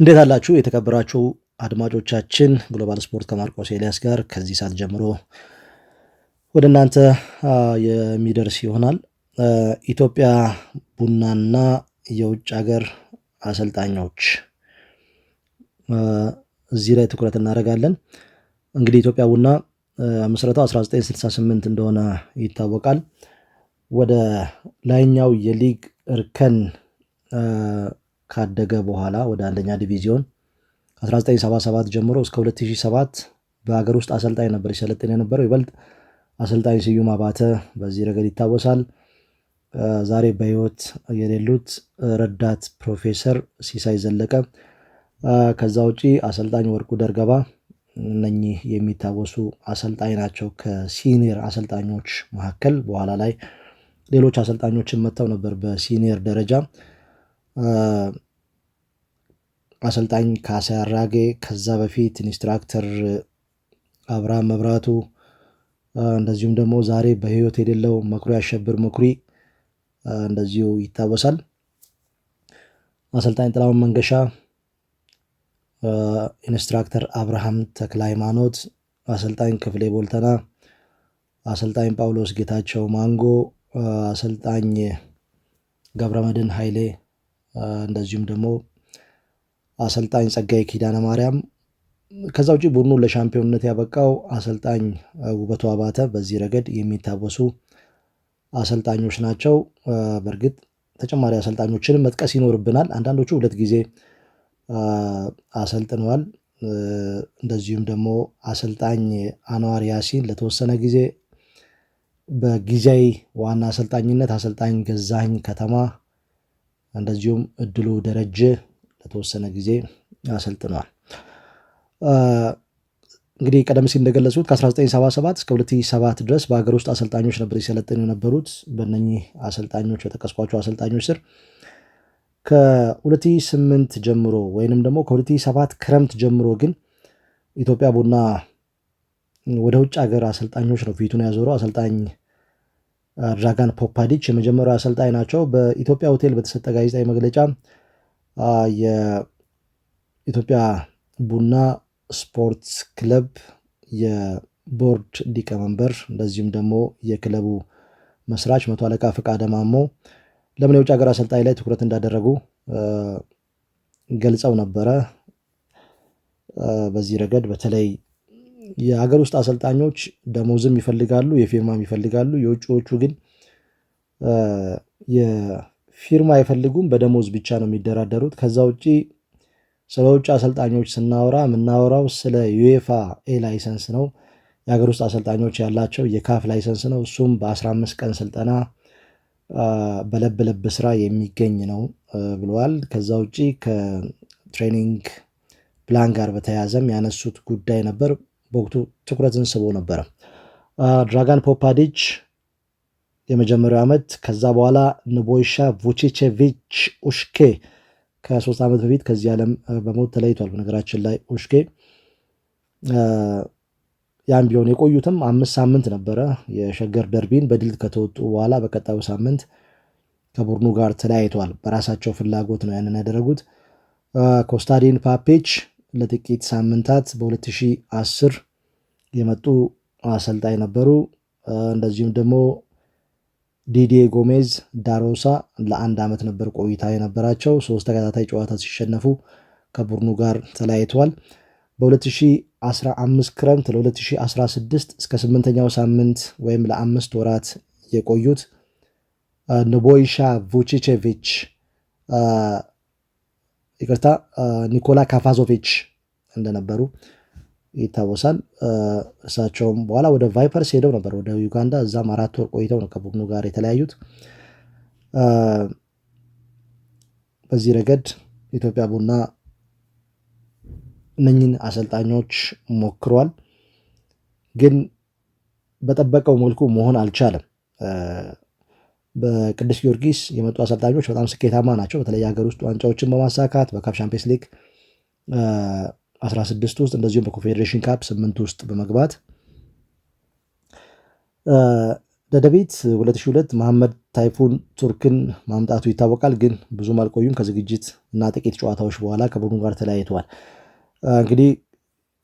እንዴት አላችሁ የተከበራችሁ አድማጮቻችን? ግሎባል ስፖርት ከማርቆስ ኤልያስ ጋር ከዚህ ሰዓት ጀምሮ ወደ እናንተ የሚደርስ ይሆናል። ኢትዮጵያ ቡናና የውጭ ሀገር አሰልጣኞች እዚህ ላይ ትኩረት እናደርጋለን። እንግዲህ ኢትዮጵያ ቡና ምስረታው 1968 እንደሆነ ይታወቃል። ወደ ላይኛው የሊግ እርከን ካደገ በኋላ ወደ አንደኛ ዲቪዚዮን 1977 ጀምሮ እስከ 2007 በሀገር ውስጥ አሰልጣኝ ነበር ሲሰለጥን የነበረው። ይበልጥ አሰልጣኝ ስዩም አባተ በዚህ ረገድ ይታወሳል። ዛሬ በህይወት የሌሉት ረዳት ፕሮፌሰር ሲሳይ ዘለቀ፣ ከዛ ውጪ አሰልጣኝ ወርቁ ደርገባ፣ እነኚህ የሚታወሱ አሰልጣኝ ናቸው። ከሲኒየር አሰልጣኞች መካከል በኋላ ላይ ሌሎች አሰልጣኞችን መጥተው ነበር በሲኒየር ደረጃ አሰልጣኝ ካሳ አራጌ ከዛ በፊት ኢንስትራክተር አብርሃም መብራቱ፣ እንደዚሁም ደግሞ ዛሬ በህይወት የሌለው መኩሪ አሸብር መኩሪ እንደዚሁ ይታወሳል። አሰልጣኝ ጥላሁን መንገሻ፣ ኢንስትራክተር አብርሃም ተክለ ሃይማኖት፣ አሰልጣኝ ክፍሌ ቦልተና፣ አሰልጣኝ ጳውሎስ ጌታቸው ማንጎ፣ አሰልጣኝ ገብረመድን ኃይሌ እንደዚሁም ደግሞ አሰልጣኝ ጸጋዬ ኪዳነ ማርያም። ከዛ ውጭ ቡድኑ ለሻምፒዮንነት ያበቃው አሰልጣኝ ውበቱ አባተ በዚህ ረገድ የሚታወሱ አሰልጣኞች ናቸው። በእርግጥ ተጨማሪ አሰልጣኞችንም መጥቀስ ይኖርብናል። አንዳንዶቹ ሁለት ጊዜ አሰልጥነዋል። እንደዚሁም ደግሞ አሰልጣኝ አንዋር ያሲን ለተወሰነ ጊዜ በጊዜያዊ ዋና አሰልጣኝነት፣ አሰልጣኝ ገዛኸኝ ከተማ እንደዚሁም እድሉ ደረጀ ለተወሰነ ጊዜ አሰልጥነዋል። እንግዲህ ቀደም ሲል እንደገለጹት ከ1977 እስከ 2007 ድረስ በሀገር ውስጥ አሰልጣኞች ነበር የሰለጠኑ የነበሩት። በእነኚህ አሰልጣኞች በጠቀስኳቸው አሰልጣኞች ስር ከ2008 ጀምሮ ወይንም ደግሞ ከ2007 ክረምት ጀምሮ ግን ኢትዮጵያ ቡና ወደ ውጭ ሀገር አሰልጣኞች ነው ፊቱን ያዞረው። አሰልጣኝ ድራጋን ፖፓዲች የመጀመሪያው አሰልጣኝ ናቸው። በኢትዮጵያ ሆቴል በተሰጠ ጋዜጣዊ መግለጫ የኢትዮጵያ ቡና ስፖርት ክለብ የቦርድ ሊቀመንበር እንደዚሁም ደግሞ የክለቡ መስራች መቶ አለቃ ፈቃደ ማሞ ለምን የውጭ ሀገር አሰልጣኝ ላይ ትኩረት እንዳደረጉ ገልጸው ነበረ። በዚህ ረገድ በተለይ የአገር ውስጥ አሰልጣኞች ደሞዝም ይፈልጋሉ፣ የፊርማም ይፈልጋሉ። የውጭዎቹ ግን የፊርማ አይፈልጉም፣ በደሞዝ ብቻ ነው የሚደራደሩት። ከዛ ውጪ ስለ ውጭ አሰልጣኞች ስናወራ የምናወራው ስለ ዩኤፋ ኤ ላይሰንስ ነው። የሀገር ውስጥ አሰልጣኞች ያላቸው የካፍ ላይሰንስ ነው። እሱም በ15 ቀን ስልጠና በለብ ለብ ስራ የሚገኝ ነው ብለዋል። ከዛ ውጪ ከትሬኒንግ ፕላን ጋር በተያያዘም ያነሱት ጉዳይ ነበር። በወቅቱ ትኩረትን ስቦ ነበረ። ድራጋን ፖፓዲች የመጀመሪያው ዓመት፣ ከዛ በኋላ ንቦይሻ ቮቼቼቪች ኡሽኬ ከሶስት ዓመት በፊት ከዚህ ዓለም በሞት ተለይቷል። በነገራችን ላይ ኡሽኬ ያም ቢሆን የቆዩትም አምስት ሳምንት ነበረ። የሸገር ደርቢን በድል ከተወጡ በኋላ በቀጣዩ ሳምንት ከቡድኑ ጋር ተለያይተዋል። በራሳቸው ፍላጎት ነው ያንን ያደረጉት። ኮስታዲን ፓፔች ለጥቂት ሳምንታት በ2010 የመጡ አሰልጣኝ ነበሩ። እንደዚሁም ደግሞ ዲዲ ጎሜዝ ዳሮሳ ለአንድ ዓመት ነበር ቆይታ የነበራቸው። ሶስት ተከታታይ ጨዋታ ሲሸነፉ ከቡድኑ ጋር ተለያይተዋል። በ2015 ክረምት ለ2016 እስከ ስምንተኛው ሳምንት ወይም ለአምስት ወራት የቆዩት ንቦይሻ ቮቼቼቪች ይቅርታ ኒኮላ ካፋዞቪች እንደነበሩ ይታወሳል። እሳቸውም በኋላ ወደ ቫይፐርስ ሄደው ነበር ወደ ዩጋንዳ። እዛም አራት ወር ቆይተው ነው ከቡድኑ ጋር የተለያዩት። በዚህ ረገድ ኢትዮጵያ ቡና እነኝን አሰልጣኞች ሞክሯል፣ ግን በጠበቀው መልኩ መሆን አልቻለም። በቅዱስ ጊዮርጊስ የመጡ አሰልጣኞች በጣም ስኬታማ ናቸው። በተለይ ሀገር ውስጥ ዋንጫዎችን በማሳካት በካፕ ሻምፒየንስ ሊግ 16 ውስጥ እንደዚሁም በኮንፌዴሬሽን ካፕ 8 ውስጥ በመግባት ደደቤት 2002 መሐመድ ታይፉን ቱርክን ማምጣቱ ይታወቃል። ግን ብዙም አልቆዩም። ከዝግጅት እና ጥቂት ጨዋታዎች በኋላ ከቡድኑ ጋር ተለያይተዋል። እንግዲህ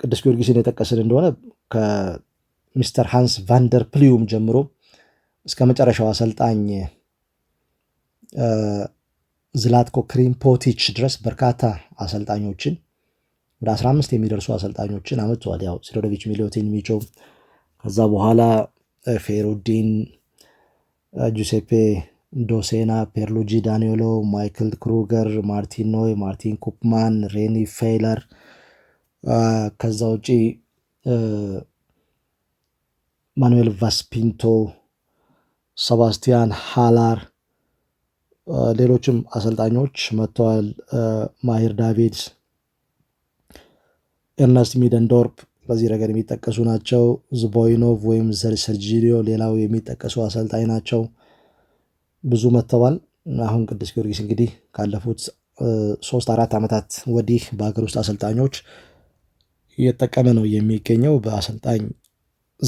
ቅዱስ ጊዮርጊስን የጠቀስን እንደሆነ ከሚስተር ሃንስ ቫንደር ፕሊዩም ጀምሮ እስከ መጨረሻው አሰልጣኝ ዝላትኮ ክሪምፖቲች ድረስ በርካታ አሰልጣኞችን ወደ 15 የሚደርሱ አሰልጣኞችን አመጥተዋል። ያው ሲዶዶቪች፣ ሚሊዮቲን፣ ሚቾ ከዛ በኋላ ፌሩዲን፣ ጁሴፔ ዶሴና፣ ፔርሉጂ ዳኒሎ፣ ማይክል ክሩገር፣ ማርቲን ኖይ፣ ማርቲን ኩፕማን፣ ሬኒ ፌይለር ከዛ ውጪ ማኑኤል ቫስፒንቶ ሰባስቲያን ሃላር፣ ሌሎችም አሰልጣኞች መጥተዋል። ማሂር ዳቪድ፣ ኤርነስት ሚደንዶርፕ በዚህ ረገድ የሚጠቀሱ ናቸው። ዝቦይኖቭ ወይም ሰርጂሊዮ ሌላው የሚጠቀሱ አሰልጣኝ ናቸው። ብዙ መጥተዋል። አሁን ቅዱስ ጊዮርጊስ እንግዲህ ካለፉት ሶስት አራት ዓመታት ወዲህ በሀገር ውስጥ አሰልጣኞች እየጠቀመ ነው የሚገኘው በአሰልጣኝ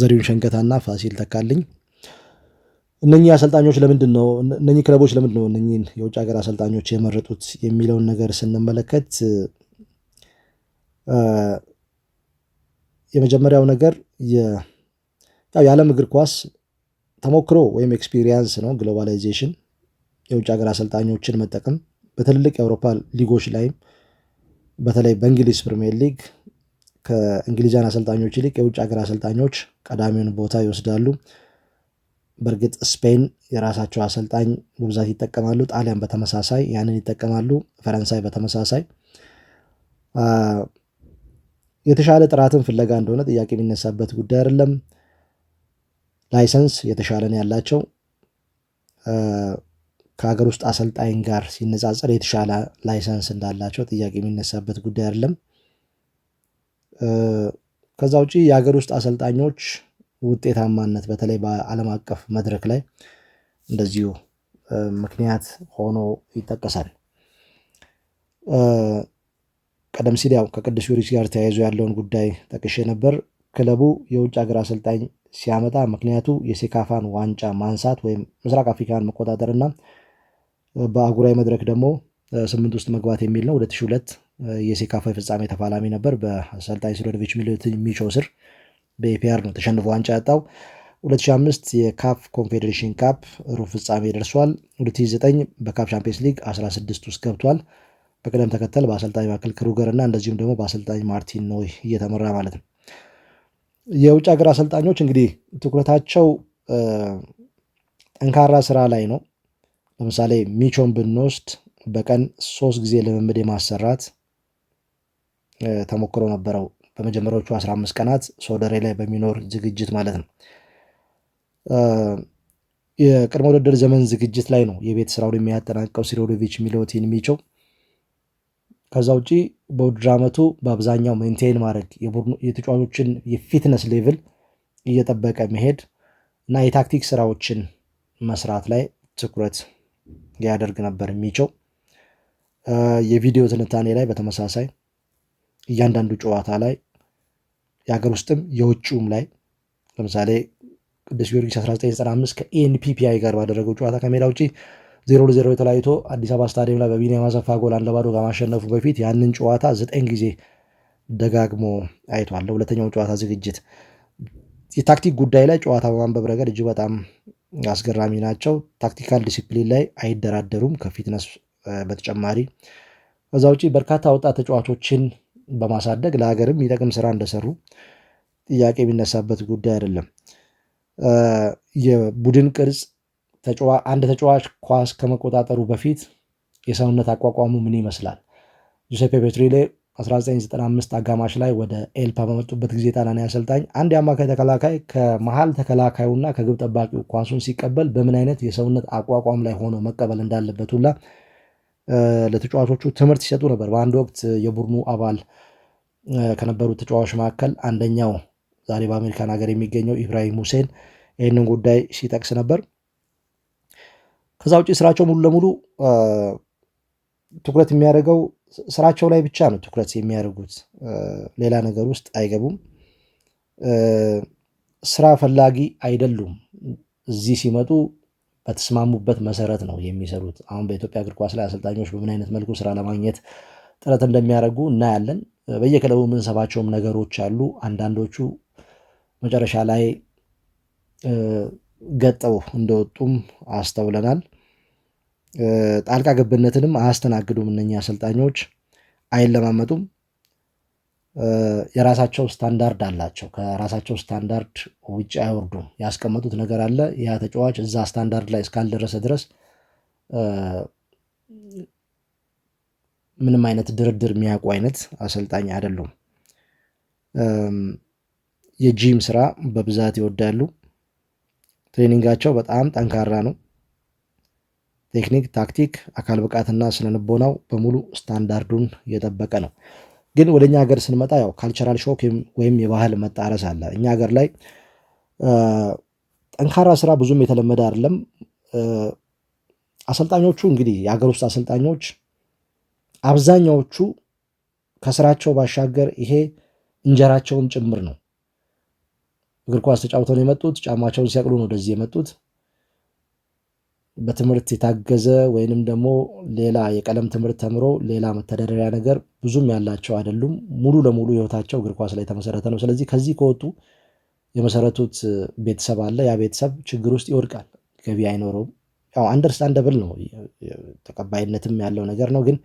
ዘሪሁን ሸንገታና ፋሲል ተካልኝ እነኚህ አሰልጣኞች ለምንድን ነው እነኚህ ክለቦች ለምንድን ነው እነኚህን የውጭ ሀገር አሰልጣኞች የመረጡት የሚለውን ነገር ስንመለከት የመጀመሪያው ነገር የዓለም እግር ኳስ ተሞክሮ ወይም ኤክስፒሪየንስ ነው። ግሎባላይዜሽን የውጭ ሀገር አሰልጣኞችን መጠቀም በትልልቅ የአውሮፓ ሊጎች ላይም በተለይ በእንግሊዝ ፕሪሚየር ሊግ ከእንግሊዛን አሰልጣኞች ይልቅ የውጭ ሀገር አሰልጣኞች ቀዳሚውን ቦታ ይወስዳሉ። በእርግጥ ስፔን የራሳቸው አሰልጣኝ በብዛት ይጠቀማሉ። ጣሊያን በተመሳሳይ ያንን ይጠቀማሉ። ፈረንሳይ በተመሳሳይ የተሻለ ጥራትን ፍለጋ እንደሆነ ጥያቄ የሚነሳበት ጉዳይ አይደለም። ላይሰንስ የተሻለ ነው ያላቸው ከሀገር ውስጥ አሰልጣኝ ጋር ሲነጻጸር የተሻለ ላይሰንስ እንዳላቸው ጥያቄ የሚነሳበት ጉዳይ አይደለም። ከዛ ውጪ የሀገር ውስጥ አሰልጣኞች ውጤታማነት በተለይ በዓለም አቀፍ መድረክ ላይ እንደዚሁ ምክንያት ሆኖ ይጠቀሳል። ቀደም ሲል ያው ከቅዱስ ጊዮርጊስ ጋር ተያይዞ ያለውን ጉዳይ ጠቅሼ ነበር። ክለቡ የውጭ ሀገር አሰልጣኝ ሲያመጣ ምክንያቱ የሴካፋን ዋንጫ ማንሳት ወይም ምስራቅ አፍሪካን መቆጣጠር እና በአህጉራዊ መድረክ ደግሞ ስምንት ውስጥ መግባት የሚል ነው። ሁለት ሁለት የሴካፋ የፍጻሜ ተፋላሚ ነበር በአሰልጣኝ ሲዶርቪች ሚሎቲን ሚቾ ስር በኤፒአር ነው ተሸንፎ ዋንጫ ያጣው። 2005 የካፍ ኮንፌዴሬሽን ካፕ ሩብ ፍጻሜ ደርሷል። 2009 በካፍ ቻምፒየንስ ሊግ 16 ውስጥ ገብቷል። በቅደም ተከተል በአሰልጣኝ ማይክል ክሩገር እና እንደዚሁም ደግሞ በአሰልጣኝ ማርቲን ኖይ እየተመራ ማለት ነው። የውጭ ሀገር አሰልጣኞች እንግዲህ ትኩረታቸው ጠንካራ ስራ ላይ ነው። ለምሳሌ ሚቾን ብንወስድ በቀን ሶስት ጊዜ ልምምድ የማሰራት ተሞክሮ ነበረው በመጀመሪያዎቹ 15 ቀናት ሶደሬ ላይ በሚኖር ዝግጅት ማለት ነው። የቅድመ ውድድር ዘመን ዝግጅት ላይ ነው የቤት ስራውን የሚያጠናቀው ሲሮዶቪች ሚሎቲን የሚችው። ከዛ ውጪ በውድድር ዓመቱ በአብዛኛው ሜንቴን ማድረግ የተጫዋቾችን የፊትነስ ሌቭል እየጠበቀ መሄድ እና የታክቲክ ስራዎችን መስራት ላይ ትኩረት ያደርግ ነበር የሚችው። የቪዲዮ ትንታኔ ላይ በተመሳሳይ እያንዳንዱ ጨዋታ ላይ የሀገር ውስጥም የውጭውም ላይ ለምሳሌ ቅዱስ ጊዮርጊስ 1995 ከኤንፒፒአይ ጋር ባደረገው ጨዋታ ከሜዳ ውጪ ዜሮ ለዜሮ የተለያይቶ አዲስ አበባ ስታዲየም ላይ በቢኒያም አሰፋ ጎል አንድ ለባዶ ከማሸነፉ በፊት ያንን ጨዋታ ዘጠኝ ጊዜ ደጋግሞ አይቷል። ለሁለተኛው ጨዋታ ዝግጅት የታክቲክ ጉዳይ ላይ ጨዋታ በማንበብ ረገድ እጅግ በጣም አስገራሚ ናቸው። ታክቲካል ዲሲፕሊን ላይ አይደራደሩም ከፊትነስ በተጨማሪ። ከዛ ውጭ በርካታ ወጣት ተጫዋቾችን በማሳደግ ለሀገርም የሚጠቅም ስራ እንደሰሩ ጥያቄ የሚነሳበት ጉዳይ አይደለም። የቡድን ቅርጽ አንድ ተጫዋች ኳስ ከመቆጣጠሩ በፊት የሰውነት አቋቋሙ ምን ይመስላል? ጁሴፔ ፔትሪሌ 1995 አጋማሽ ላይ ወደ ኤልፓ በመጡበት ጊዜ ጣሊያናዊ አሰልጣኝ አንድ የአማካይ ተከላካይ ከመሀል ተከላካዩና ከግብ ጠባቂው ኳሱን ሲቀበል በምን አይነት የሰውነት አቋቋም ላይ ሆኖ መቀበል እንዳለበት ሁላ ለተጫዋቾቹ ትምህርት ሲሰጡ ነበር። በአንድ ወቅት የቡድኑ አባል ከነበሩት ተጫዋቾች መካከል አንደኛው ዛሬ በአሜሪካን ሀገር የሚገኘው ኢብራሂም ሁሴን ይህንን ጉዳይ ሲጠቅስ ነበር። ከዛ ውጭ ስራቸው ሙሉ ለሙሉ ትኩረት የሚያደርገው ስራቸው ላይ ብቻ ነው ትኩረት የሚያደርጉት፣ ሌላ ነገር ውስጥ አይገቡም። ስራ ፈላጊ አይደሉም። እዚህ ሲመጡ በተስማሙበት መሰረት ነው የሚሰሩት። አሁን በኢትዮጵያ እግር ኳስ ላይ አሰልጣኞች በምን አይነት መልኩ ስራ ለማግኘት ጥረት እንደሚያደርጉ እናያለን። በየክለቡ የምንሰማቸውም ነገሮች አሉ። አንዳንዶቹ መጨረሻ ላይ ገጠው እንደወጡም አስተውለናል። ጣልቃ ገብነትንም አያስተናግዱም። እነኛ አሰልጣኞች አይለማመጡም። የራሳቸው ስታንዳርድ አላቸው። ከራሳቸው ስታንዳርድ ውጭ አይወርዱም። ያስቀመጡት ነገር አለ። ያ ተጫዋች እዛ ስታንዳርድ ላይ እስካልደረሰ ድረስ ምንም አይነት ድርድር የሚያውቁ አይነት አሰልጣኝ አይደሉም። የጂም ስራ በብዛት ይወዳሉ። ትሬኒንጋቸው በጣም ጠንካራ ነው። ቴክኒክ፣ ታክቲክ፣ አካል ብቃትና ስነ በሙሉ ስታንዳርዱን የጠበቀ ነው። ግን ወደ እኛ ሀገር ስንመጣ ያው ካልቸራል ሾክ ወይም የባህል መጣረስ አለ። እኛ ሀገር ላይ ጠንካራ ስራ ብዙም የተለመደ አይደለም። አሰልጣኞቹ እንግዲህ የሀገር ውስጥ አሰልጣኞች አብዛኛዎቹ ከስራቸው ባሻገር ይሄ እንጀራቸውን ጭምር ነው። እግር ኳስ ተጫውተው ነው የመጡት። ጫማቸውን ሲያቅሉ ነው ወደዚህ የመጡት። በትምህርት የታገዘ ወይንም ደግሞ ሌላ የቀለም ትምህርት ተምሮ ሌላ መተዳደሪያ ነገር ብዙም ያላቸው አይደሉም። ሙሉ ለሙሉ ህይወታቸው እግር ኳስ ላይ የተመሰረተ ነው። ስለዚህ ከዚህ ከወጡ የመሰረቱት ቤተሰብ አለ። ያ ቤተሰብ ችግር ውስጥ ይወድቃል። ገቢ አይኖረውም። ያው አንደርስታንደብል ነው፣ ተቀባይነትም ያለው ነገር ነው። ግን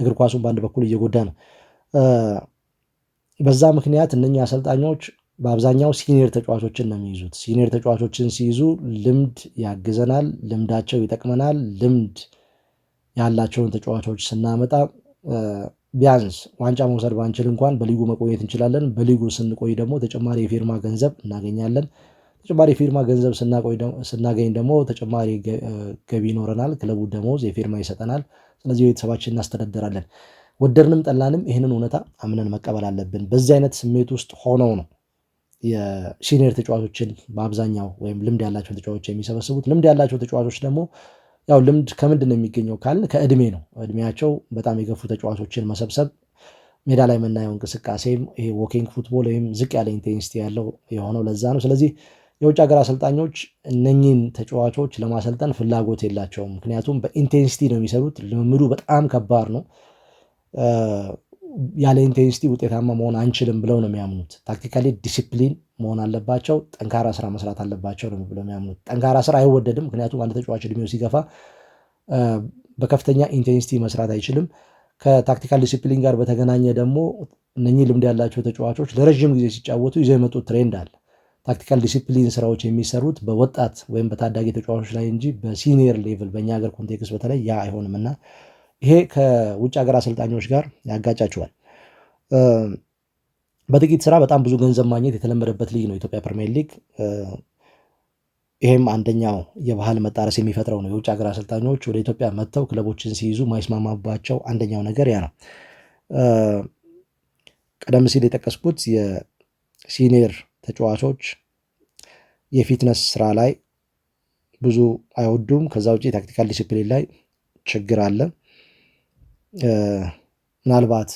እግር ኳሱን በአንድ በኩል እየጎዳ ነው። በዛ ምክንያት እነኛ አሰልጣኞች በአብዛኛው ሲኒየር ተጫዋቾችን ነው የሚይዙት። ሲኒየር ተጫዋቾችን ሲይዙ ልምድ ያግዘናል፣ ልምዳቸው ይጠቅመናል። ልምድ ያላቸውን ተጫዋቾች ስናመጣ ቢያንስ ዋንጫ መውሰድ ባንችል እንኳን በሊጉ መቆየት እንችላለን። በሊጉ ስንቆይ ደግሞ ተጨማሪ የፊርማ ገንዘብ እናገኛለን። ተጨማሪ የፊርማ ገንዘብ ስናገኝ ደግሞ ተጨማሪ ገቢ ይኖረናል። ክለቡ ደሞዝ የፊርማ ይሰጠናል። ስለዚህ ቤተሰባችን እናስተዳደራለን። ወደድንም ጠላንም ይህንን እውነታ አምነን መቀበል አለብን። በዚህ አይነት ስሜት ውስጥ ሆነው ነው የሲኒየር ተጫዋቾችን በአብዛኛው ወይም ልምድ ያላቸውን ተጫዋቾች የሚሰበስቡት ልምድ ያላቸው ተጫዋቾች ደግሞ ያው ልምድ ከምንድን ነው የሚገኘው ካልን ከእድሜ ነው። እድሜያቸው በጣም የገፉ ተጫዋቾችን መሰብሰብ ሜዳ ላይ የምናየው እንቅስቃሴም ይሄ ዎኪንግ ፉትቦል ወይም ዝቅ ያለ ኢንቴንሲቲ ያለው የሆነው ለዛ ነው። ስለዚህ የውጭ ሀገር አሰልጣኞች እነኚህን ተጫዋቾች ለማሰልጠን ፍላጎት የላቸውም። ምክንያቱም በኢንቴንሲቲ ነው የሚሰሩት። ልምምዱ በጣም ከባድ ነው። ያለ ኢንቴንሲቲ ውጤታማ መሆን አንችልም ብለው ነው የሚያምኑት። ታክቲካሊ ዲሲፕሊን መሆን አለባቸው። ጠንካራ ስራ መስራት አለባቸው ነው ብለው የሚያምኑት። ጠንካራ ስራ አይወደድም፣ ምክንያቱም አንድ ተጫዋች እድሜው ሲገፋ በከፍተኛ ኢንቴንሲቲ መስራት አይችልም። ከታክቲካል ዲሲፕሊን ጋር በተገናኘ ደግሞ እነኚህ ልምድ ያላቸው ተጫዋቾች ለረዥም ጊዜ ሲጫወቱ ይዘው የመጡት ትሬንድ አለ። ታክቲካል ዲሲፕሊን ስራዎች የሚሰሩት በወጣት ወይም በታዳጊ ተጫዋቾች ላይ እንጂ በሲኒየር ሌቭል በእኛ ሀገር ኮንቴክስት በተለይ ያ አይሆንም እና ይሄ ከውጭ ሀገር አሰልጣኞች ጋር ያጋጫቸዋል። በጥቂት ስራ በጣም ብዙ ገንዘብ ማግኘት የተለመደበት ሊግ ነው ኢትዮጵያ ፕሪሚየር ሊግ። ይሄም አንደኛው የባህል መጣረስ የሚፈጥረው ነው። የውጭ ሀገር አሰልጣኞች ወደ ኢትዮጵያ መጥተው ክለቦችን ሲይዙ ማይስማማባቸው አንደኛው ነገር ያ ነው። ቀደም ሲል የጠቀስኩት የሲኒየር ተጫዋቾች የፊትነስ ስራ ላይ ብዙ አይወዱም። ከዛ ውጭ ታክቲካል ዲሲፕሊን ላይ ችግር አለ። ምናልባት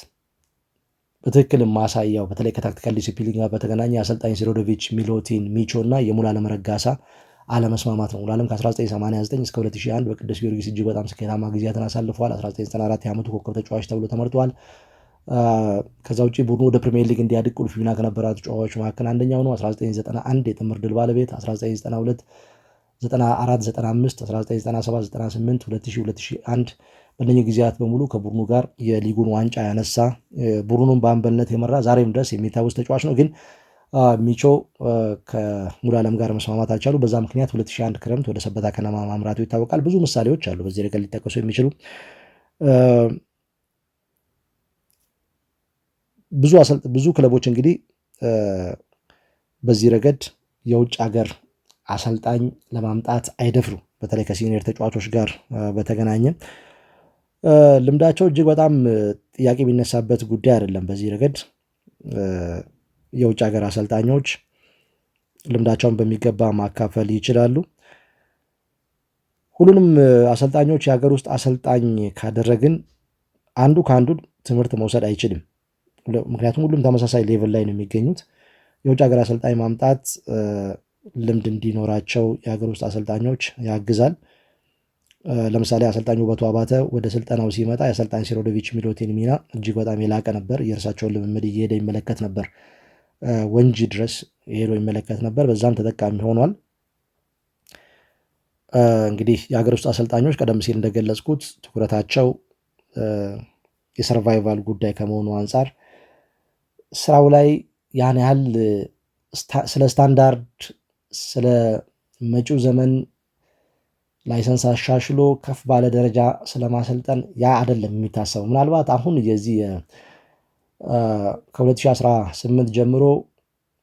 በትክክል ማሳያው በተለይ ከታክቲካል ዲሲፕሊን ጋር በተገናኘ አሰልጣኝ ሲሮዶቪች ሚሎቲን ሚቾ እና የሙሉዓለም ረጋሳ አለመስማማት ነው። ሙሉዓለም ከ1989 እስከ 2001 በቅዱስ ጊዮርጊስ እጅግ በጣም ስኬታማ ጊዜያትን አሳልፈዋል። 1994 የዓመቱ ኮከብ ተጫዋች ተብሎ ተመርጧል። ከዛ ውጭ ቡድኑ ወደ ፕሪሚየር ሊግ እንዲያድግ ቁልፍ ሚና ከነበራቸው ተጫዋቾች መካከል አንደኛው ነው። 1991 የጥምር ድል ባለቤት 1992 94 ጊዜያት በሙሉ ከቡድኑ ጋር የሊጉን ዋንጫ ያነሳ ቡድኑን በአንበልነት የመራ ዛሬም ድረስ የሚታወስ ተጫዋች ነው። ግን ሚቾ ከሙሉ ዓለም ጋር መስማማት አልቻሉ። በዛ ምክንያት 2001 ክረምት ወደ ሰበታ ከነማ ማምራቱ ይታወቃል። ብዙ ምሳሌዎች አሉ በዚህ ነገር ሊጠቀሱ የሚችሉ ብዙ ክለቦች እንግዲህ በዚህ ረገድ የውጭ ሀገር አሰልጣኝ ለማምጣት አይደፍሩ በተለይ ከሲኒየር ተጫዋቾች ጋር በተገናኘ ልምዳቸው እጅግ በጣም ጥያቄ የሚነሳበት ጉዳይ አይደለም። በዚህ ረገድ የውጭ ሀገር አሰልጣኞች ልምዳቸውን በሚገባ ማካፈል ይችላሉ። ሁሉንም አሰልጣኞች የሀገር ውስጥ አሰልጣኝ ካደረግን አንዱ ከአንዱ ትምህርት መውሰድ አይችልም። ምክንያቱም ሁሉም ተመሳሳይ ሌቭል ላይ ነው የሚገኙት። የውጭ ሀገር አሰልጣኝ ማምጣት ልምድ እንዲኖራቸው የሀገር ውስጥ አሰልጣኞች ያግዛል። ለምሳሌ አሰልጣኝ ውበቱ አባተ ወደ ስልጠናው ሲመጣ የአሰልጣኝ ሲሮዶቪች ሚሎቴን ሚና እጅግ በጣም የላቀ ነበር። የእርሳቸውን ልምምድ እየሄደ ይመለከት ነበር። ወንጂ ድረስ ሄዶ ይመለከት ነበር። በዛም ተጠቃሚ ሆኗል። እንግዲህ የሀገር ውስጥ አሰልጣኞች ቀደም ሲል እንደገለጽኩት ትኩረታቸው የሰርቫይቫል ጉዳይ ከመሆኑ አንጻር ስራው ላይ ያን ያህል ስለ ስታንዳርድ ስለ መጪው ዘመን ላይሰንስ አሻሽሎ ከፍ ባለ ደረጃ ስለማሰልጠን ያ አይደለም የሚታሰበው። ምናልባት አሁን የዚህ ከ2018 ጀምሮ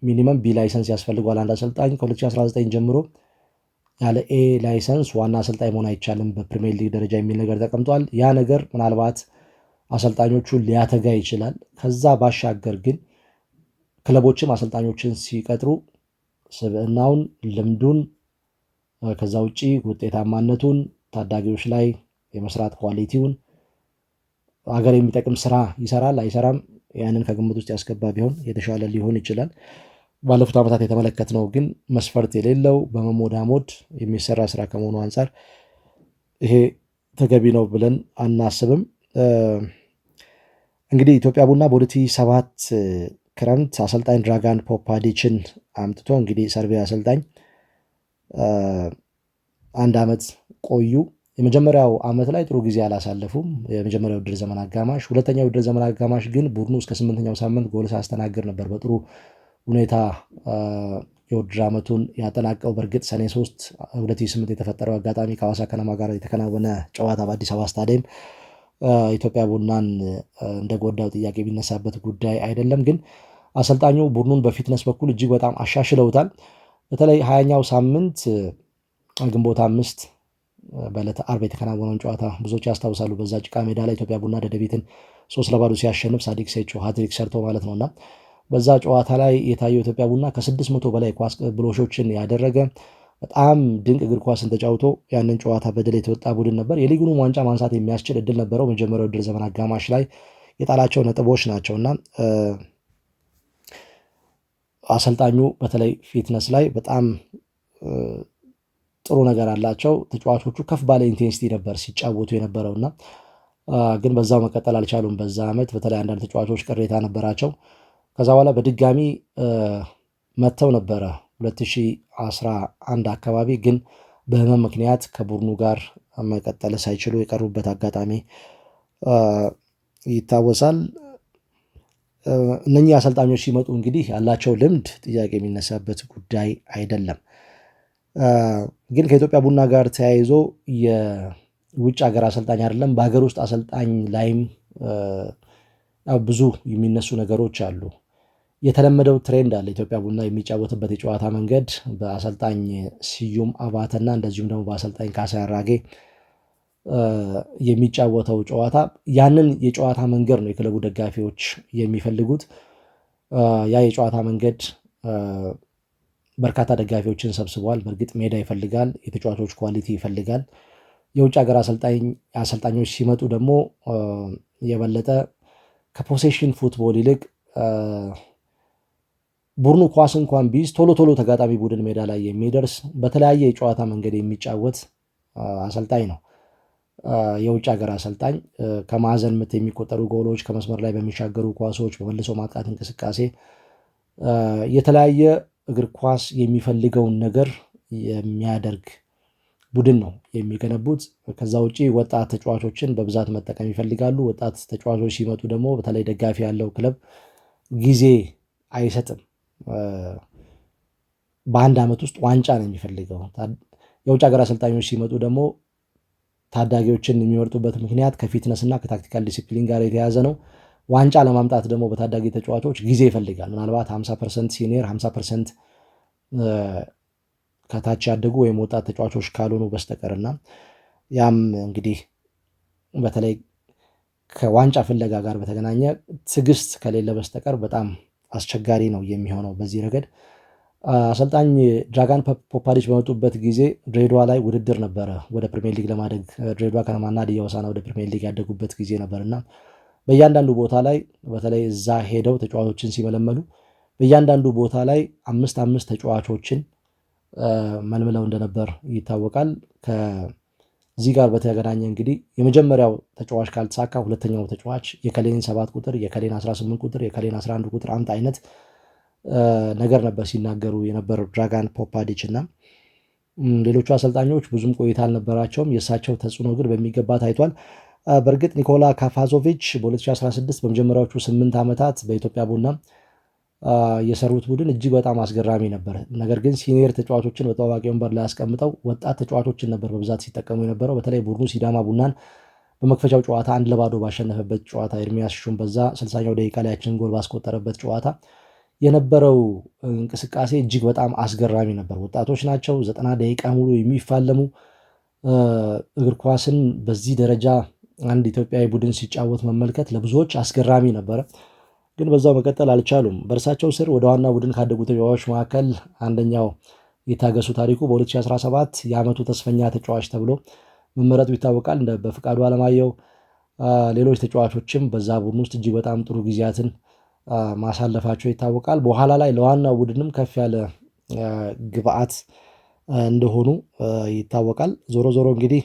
ሚኒመም ቢ ላይሰንስ ያስፈልገዋል አንድ አሰልጣኝ። ከ2019 ጀምሮ ያለ ኤ ላይሰንስ ዋና አሰልጣኝ መሆን አይቻልም በፕሪሚየር ሊግ ደረጃ የሚል ነገር ተቀምጧል። ያ ነገር ምናልባት አሰልጣኞቹ ሊያተጋ ይችላል። ከዛ ባሻገር ግን ክለቦችም አሰልጣኞችን ሲቀጥሩ ስብዕናውን፣ ልምዱን ከዛ ውጪ ውጤታማነቱን ታዳጊዎች ላይ የመስራት ኳሊቲውን አገር የሚጠቅም ስራ ይሰራል አይሰራም፣ ያንን ከግምት ውስጥ ያስገባ ቢሆን የተሻለ ሊሆን ይችላል። ባለፉት ዓመታት የተመለከትነው ግን መስፈርት የሌለው በመሞዳሞድ የሚሰራ ስራ ከመሆኑ አንጻር ይሄ ተገቢ ነው ብለን አናስብም። እንግዲህ ኢትዮጵያ ቡና በ ሺህ ክረምት አሰልጣኝ ድራጋን ፖፓዲችን አምጥቶ እንግዲህ ሰርቢያ አሰልጣኝ አንድ አመት ቆዩ። የመጀመሪያው አመት ላይ ጥሩ ጊዜ አላሳለፉም። የመጀመሪያው ውድድር ዘመን አጋማሽ፣ ሁለተኛው ውድድር ዘመን አጋማሽ ግን ቡድኑ እስከ ስምንተኛው ሳምንት ጎል ሳያስተናግድ ነበር በጥሩ ሁኔታ የውድድር ዓመቱን ያጠናቀው። በእርግጥ ሰኔ 3 2008 የተፈጠረው አጋጣሚ ከሐዋሳ ከነማ ጋር የተከናወነ ጨዋታ በአዲስ አበባ ስታዲየም ኢትዮጵያ ቡናን እንደጎዳው ጥያቄ የሚነሳበት ጉዳይ አይደለም። ግን አሰልጣኙ ቡድኑን በፊትነስ በኩል እጅግ በጣም አሻሽለውታል። በተለይ ሀያኛው ሳምንት ግንቦት አምስት በዕለተ ዓርብ የተከናወነውን ጨዋታ ብዙዎች ያስታውሳሉ። በዛ ጭቃ ሜዳ ላይ ኢትዮጵያ ቡና ደደቢትን ሶስት ለባዶ ሲያሸንፍ ሳዲቅ ሴቹ ሀትሪክ ሰርቶ ማለት ነውና በዛ ጨዋታ ላይ የታየው ኢትዮጵያ ቡና ከስድስት መቶ በላይ ኳስ ያደረገ በጣም ድንቅ እግር ኳስን ተጫውቶ ያንን ጨዋታ በድል የተወጣ ቡድን ነበር። የሊጉንም ዋንጫ ማንሳት የሚያስችል እድል ነበረው። መጀመሪያው የውድድር ዘመን አጋማሽ ላይ የጣላቸው ነጥቦች ናቸው እና አሰልጣኙ በተለይ ፊትነስ ላይ በጣም ጥሩ ነገር አላቸው። ተጫዋቾቹ ከፍ ባለ ኢንቴንሲቲ ነበር ሲጫወቱ እና ግን በዛው መቀጠል አልቻሉም። በዛ ዓመት በተለይ አንዳንድ ተጫዋቾች ቅሬታ ነበራቸው። ከዛ በኋላ በድጋሚ መጥተው ነበረ 2011 አካባቢ ግን በህመም ምክንያት ከቡድኑ ጋር መቀጠል ሳይችሉ የቀሩበት አጋጣሚ ይታወሳል። እነኚህ አሰልጣኞች ሲመጡ እንግዲህ ያላቸው ልምድ ጥያቄ የሚነሳበት ጉዳይ አይደለም። ግን ከኢትዮጵያ ቡና ጋር ተያይዞ የውጭ ሀገር አሰልጣኝ አይደለም በሀገር ውስጥ አሰልጣኝ ላይም ብዙ የሚነሱ ነገሮች አሉ። የተለመደው ትሬንድ አለ። ኢትዮጵያ ቡና የሚጫወትበት የጨዋታ መንገድ በአሰልጣኝ ስዩም አባተና እንደዚሁም ደግሞ በአሰልጣኝ ካሳ አራጌ የሚጫወተው ጨዋታ ያንን የጨዋታ መንገድ ነው የክለቡ ደጋፊዎች የሚፈልጉት። ያ የጨዋታ መንገድ በርካታ ደጋፊዎችን ሰብስቧል። በእርግጥ ሜዳ ይፈልጋል፣ የተጫዋቾች ኳሊቲ ይፈልጋል። የውጭ ሀገር አሰልጣኞች ሲመጡ ደግሞ የበለጠ ከፖሴሽን ፉትቦል ይልቅ ቡድኑ ኳስ እንኳን ቢይዝ ቶሎ ቶሎ ተጋጣሚ ቡድን ሜዳ ላይ የሚደርስ በተለያየ የጨዋታ መንገድ የሚጫወት አሰልጣኝ ነው። የውጭ ሀገር አሰልጣኝ ከማዕዘን ምት የሚቆጠሩ ጎሎች፣ ከመስመር ላይ በሚሻገሩ ኳሶች፣ በመልሶ ማጥቃት እንቅስቃሴ የተለያየ እግር ኳስ የሚፈልገውን ነገር የሚያደርግ ቡድን ነው የሚገነቡት። ከዛ ውጪ ወጣት ተጫዋቾችን በብዛት መጠቀም ይፈልጋሉ። ወጣት ተጫዋቾች ሲመጡ ደግሞ በተለይ ደጋፊ ያለው ክለብ ጊዜ አይሰጥም። በአንድ ዓመት ውስጥ ዋንጫ ነው የሚፈልገው። የውጭ ሀገር አሰልጣኞች ሲመጡ ደግሞ ታዳጊዎችን የሚመርጡበት ምክንያት ከፊትነስና ከታክቲካል ዲሲፕሊን ጋር የተያዘ ነው። ዋንጫ ለማምጣት ደግሞ በታዳጊ ተጫዋቾች ጊዜ ይፈልጋል። ምናልባት 50 ፐርሰንት ሲኒየር 50 ፐርሰንት ከታች ያደጉ ወይም ወጣት ተጫዋቾች ካልሆኑ በስተቀርና ያም እንግዲህ በተለይ ከዋንጫ ፍለጋ ጋር በተገናኘ ትዕግስት ከሌለ በስተቀር በጣም አስቸጋሪ ነው የሚሆነው በዚህ ረገድ። አሰልጣኝ ድራጋን ፖፓዲች በመጡበት ጊዜ ድሬዳዋ ላይ ውድድር ነበረ ወደ ፕሪሚየር ሊግ ለማደግ ድሬዳዋ ከተማና ሀዲያ ሆሳዕና ወደ ፕሪሚየር ሊግ ያደጉበት ጊዜ ነበር እና በእያንዳንዱ ቦታ ላይ በተለይ እዛ ሄደው ተጫዋቾችን ሲመለመሉ በእያንዳንዱ ቦታ ላይ አምስት አምስት ተጫዋቾችን መልምለው እንደነበር ይታወቃል። እዚህ ጋር በተገናኘ እንግዲህ የመጀመሪያው ተጫዋች ካልተሳካ ሁለተኛው ተጫዋች የከሌን ሰባት ቁጥር የከሌን 18 ቁጥር የከሌን 11 ቁጥር አንድ አይነት ነገር ነበር ሲናገሩ የነበር ድራጋን ፖፓዲች እና ሌሎቹ አሰልጣኞች ብዙም ቆይታ አልነበራቸውም። የእሳቸው ተጽዕኖ ግን በሚገባ ታይቷል። በእርግጥ ኒኮላ ካፋዞቪች በ2016 በመጀመሪያዎቹ ስምንት ዓመታት በኢትዮጵያ ቡና የሰሩት ቡድን እጅግ በጣም አስገራሚ ነበር። ነገር ግን ሲኒየር ተጫዋቾችን በተጠባባቂ ወንበር ላይ አስቀምጠው ወጣት ተጫዋቾችን ነበር በብዛት ሲጠቀሙ የነበረው። በተለይ ቡድኑ ሲዳማ ቡናን በመክፈቻው ጨዋታ አንድ ለባዶ ባሸነፈበት ጨዋታ ኤርሚያስ ሹም በዛ ስልሳኛው ደቂቃ ላይ ያችን ጎል ባስቆጠረበት ጨዋታ የነበረው እንቅስቃሴ እጅግ በጣም አስገራሚ ነበር። ወጣቶች ናቸው፣ ዘጠና ደቂቃ ሙሉ የሚፋለሙ እግር ኳስን በዚህ ደረጃ አንድ ኢትዮጵያዊ ቡድን ሲጫወት መመልከት ለብዙዎች አስገራሚ ነበረ። ግን በዛው መቀጠል አልቻሉም። በእርሳቸው ስር ወደ ዋና ቡድን ካደጉ ተጫዋቾች መካከል አንደኛው የታገሱ ታሪኩ በ2017 የዓመቱ ተስፈኛ ተጫዋች ተብሎ መመረጡ ይታወቃል። እንደ በፍቃዱ አለማየሁ፣ ሌሎች ተጫዋቾችም በዛ ቡድን ውስጥ እጅግ በጣም ጥሩ ጊዜያትን ማሳለፋቸው ይታወቃል። በኋላ ላይ ለዋና ቡድንም ከፍ ያለ ግብአት እንደሆኑ ይታወቃል። ዞሮ ዞሮ እንግዲህ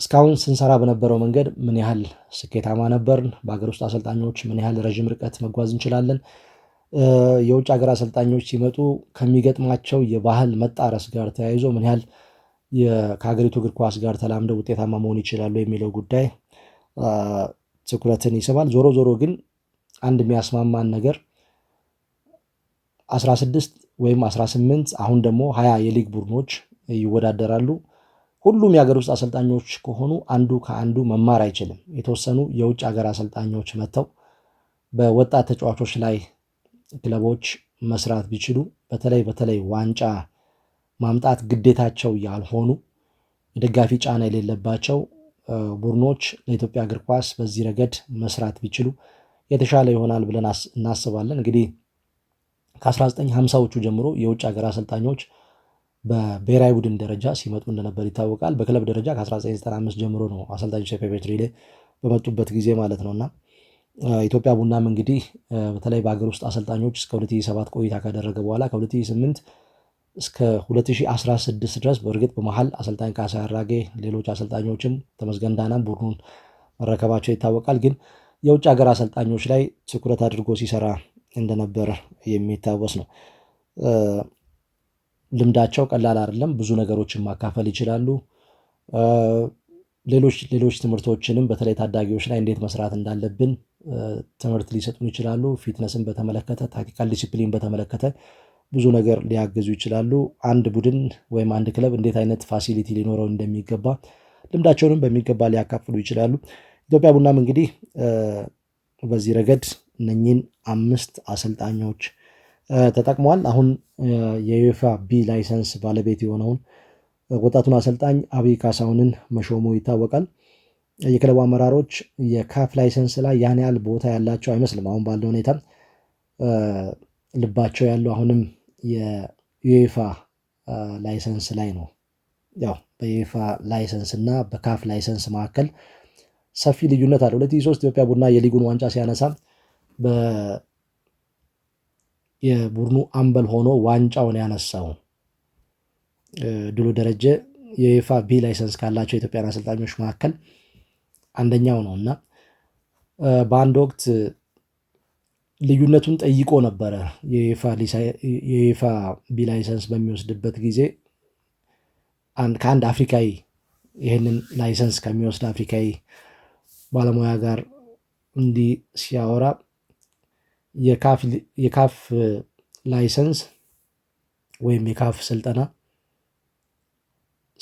እስካሁን ስንሰራ በነበረው መንገድ ምን ያህል ስኬታማ ነበርን? በሀገር ውስጥ አሰልጣኞች ምን ያህል ረዥም ርቀት መጓዝ እንችላለን? የውጭ ሀገር አሰልጣኞች ሲመጡ ከሚገጥማቸው የባህል መጣረስ ጋር ተያይዞ ምን ያህል ከሀገሪቱ እግር ኳስ ጋር ተላምደው ውጤታማ መሆን ይችላሉ የሚለው ጉዳይ ትኩረትን ይስባል። ዞሮ ዞሮ ግን አንድ የሚያስማማን ነገር 16 ወይም 18 አሁን ደግሞ ሀያ የሊግ ቡድኖች ይወዳደራሉ። ሁሉም የሀገር ውስጥ አሰልጣኞች ከሆኑ አንዱ ከአንዱ መማር አይችልም። የተወሰኑ የውጭ ሀገር አሰልጣኞች መጥተው በወጣት ተጫዋቾች ላይ ክለቦች መስራት ቢችሉ በተለይ በተለይ ዋንጫ ማምጣት ግዴታቸው ያልሆኑ ደጋፊ ጫና የሌለባቸው ቡድኖች ለኢትዮጵያ እግር ኳስ በዚህ ረገድ መስራት ቢችሉ የተሻለ ይሆናል ብለን እናስባለን። እንግዲህ ከ1950ዎቹ ጀምሮ የውጭ ሀገር አሰልጣኞች በብሔራዊ ቡድን ደረጃ ሲመጡ እንደነበር ይታወቃል። በክለብ ደረጃ ከ1995 ጀምሮ ነው አሰልጣኝ ጆሴ ፔድሬ በመጡበት ጊዜ ማለት ነው እና ኢትዮጵያ ቡናም እንግዲህ በተለይ በሀገር ውስጥ አሰልጣኞች እስከ 2007 ቆይታ ካደረገ በኋላ ከ2008 እስከ 2016 ድረስ በእርግጥ በመሀል አሰልጣኝ ካሳ አራጌ፣ ሌሎች አሰልጣኞችም ተመስገን ዳናም ቡድኑን መረከባቸው ይታወቃል። ግን የውጭ ሀገር አሰልጣኞች ላይ ትኩረት አድርጎ ሲሰራ እንደነበር የሚታወስ ነው። ልምዳቸው ቀላል አይደለም። ብዙ ነገሮችን ማካፈል ይችላሉ። ሌሎች ሌሎች ትምህርቶችንም በተለይ ታዳጊዎች ላይ እንዴት መስራት እንዳለብን ትምህርት ሊሰጡን ይችላሉ። ፊትነስን በተመለከተ፣ ታክቲካል ዲሲፕሊን በተመለከተ ብዙ ነገር ሊያግዙ ይችላሉ። አንድ ቡድን ወይም አንድ ክለብ እንዴት አይነት ፋሲሊቲ ሊኖረው እንደሚገባ ልምዳቸውንም በሚገባ ሊያካፍሉ ይችላሉ። ኢትዮጵያ ቡናም እንግዲህ በዚህ ረገድ እነኚህን አምስት አሰልጣኞች ተጠቅሟል። አሁን የዩኤፋ ቢ ላይሰንስ ባለቤት የሆነውን ወጣቱን አሰልጣኝ አብይ ካሳሁንን መሾሙ ይታወቃል። የክለቡ አመራሮች የካፍ ላይሰንስ ላይ ያን ያህል ቦታ ያላቸው አይመስልም። አሁን ባለ ሁኔታ ልባቸው ያለው አሁንም የዩኤፋ ላይሰንስ ላይ ነው። ያው በዩኤፋ ላይሰንስ እና በካፍ ላይሰንስ መካከል ሰፊ ልዩነት አለ። ሁለት ሶስት ኢትዮጵያ ቡና የሊጉን ዋንጫ ሲያነሳ የቡድኑ አምበል ሆኖ ዋንጫውን ያነሳው። ድሉ ደረጀ የዩፋ ቢ ላይሰንስ ካላቸው የኢትዮጵያን አሰልጣኞች መካከል አንደኛው ነው እና በአንድ ወቅት ልዩነቱን ጠይቆ ነበረ። የዩፋ ቢ ላይሰንስ በሚወስድበት ጊዜ ከአንድ አፍሪካዊ ይህንን ላይሰንስ ከሚወስድ አፍሪካዊ ባለሙያ ጋር እንዲህ ሲያወራ የካፍ ላይሰንስ ወይም የካፍ ስልጠና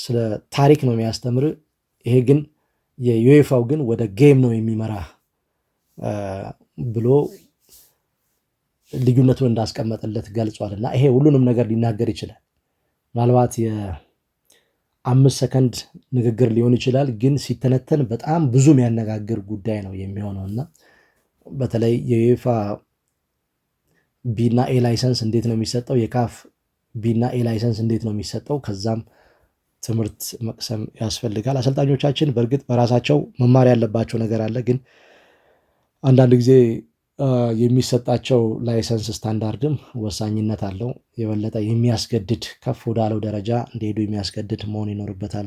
ስለ ታሪክ ነው የሚያስተምር። ይሄ ግን የዩኤፋው ግን ወደ ጌም ነው የሚመራ ብሎ ልዩነቱን እንዳስቀመጠለት ገልጿል። እና ይሄ ሁሉንም ነገር ሊናገር ይችላል። ምናልባት የአምስት ሰከንድ ንግግር ሊሆን ይችላል፣ ግን ሲተነተን በጣም ብዙ የሚያነጋግር ጉዳይ ነው የሚሆነው እና በተለይ የዩኤፋ ቢና ኤ ላይሰንስ እንዴት ነው የሚሰጠው? የካፍ ቢና ኤ ላይሰንስ እንዴት ነው የሚሰጠው? ከዛም ትምህርት መቅሰም ያስፈልጋል። አሰልጣኞቻችን በእርግጥ በራሳቸው መማር ያለባቸው ነገር አለ። ግን አንዳንድ ጊዜ የሚሰጣቸው ላይሰንስ ስታንዳርድም ወሳኝነት አለው። የበለጠ የሚያስገድድ ከፍ ወዳለው ደረጃ እንዲሄዱ የሚያስገድድ መሆን ይኖርበታል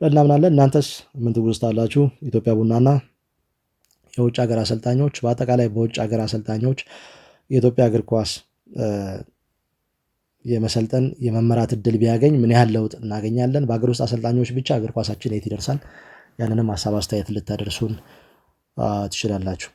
ብለን እናምናለን። እናንተስ ምን ትውስታ አላችሁ? ኢትዮጵያ ቡናና የውጭ ሀገር አሰልጣኞች በአጠቃላይ በውጭ ሀገር አሰልጣኞች የኢትዮጵያ እግር ኳስ የመሰልጠን የመመራት እድል ቢያገኝ ምን ያህል ለውጥ እናገኛለን? በሀገር ውስጥ አሰልጣኞች ብቻ እግር ኳሳችን የት ይደርሳል? ያንንም ሀሳብ አስተያየት ልታደርሱን ትችላላችሁ።